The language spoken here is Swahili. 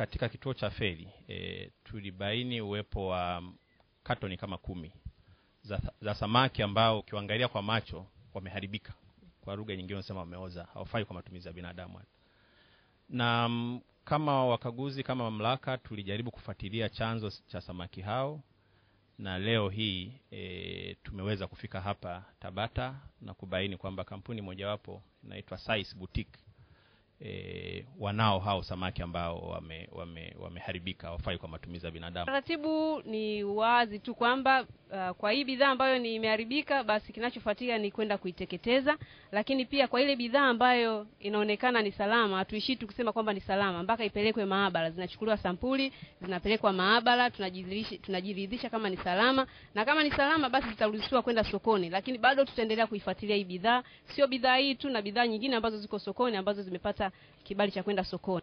katika kituo cha feri e, tulibaini uwepo wa katoni kama kumi za, za samaki ambao ukiwaangalia kwa macho wameharibika, kwa lugha nyingine unasema wameoza, hawafai kwa matumizi ya binadamu. Na m, mm, kama wakaguzi, kama mamlaka, tulijaribu kufuatilia chanzo cha samaki hao, na leo hii e, tumeweza kufika hapa Tabata na kubaini kwamba kampuni mojawapo inaitwa size Boutique e, wanao hao samaki ambao wameharibika wame, wame wafai kwa matumizi ya binadamu. Taratibu ni wazi tu kwamba uh, kwa hii bidhaa ambayo ni imeharibika, basi kinachofuatia ni kwenda kuiteketeza. Lakini pia kwa ile bidhaa ambayo inaonekana ni salama, hatuishii tu kusema kwamba ni salama, mpaka ipelekwe maabara. Zinachukuliwa sampuli, zinapelekwa maabara, tunajiridhisha, tunajiridhisha kama ni salama, na kama ni salama, basi zitaruhusiwa kwenda sokoni. Lakini bado tutaendelea kuifuatilia hii bidhaa, sio bidhaa hii tu, na bidhaa nyingine ambazo ziko sokoni ambazo zimepata kibali cha kwenda sokoni.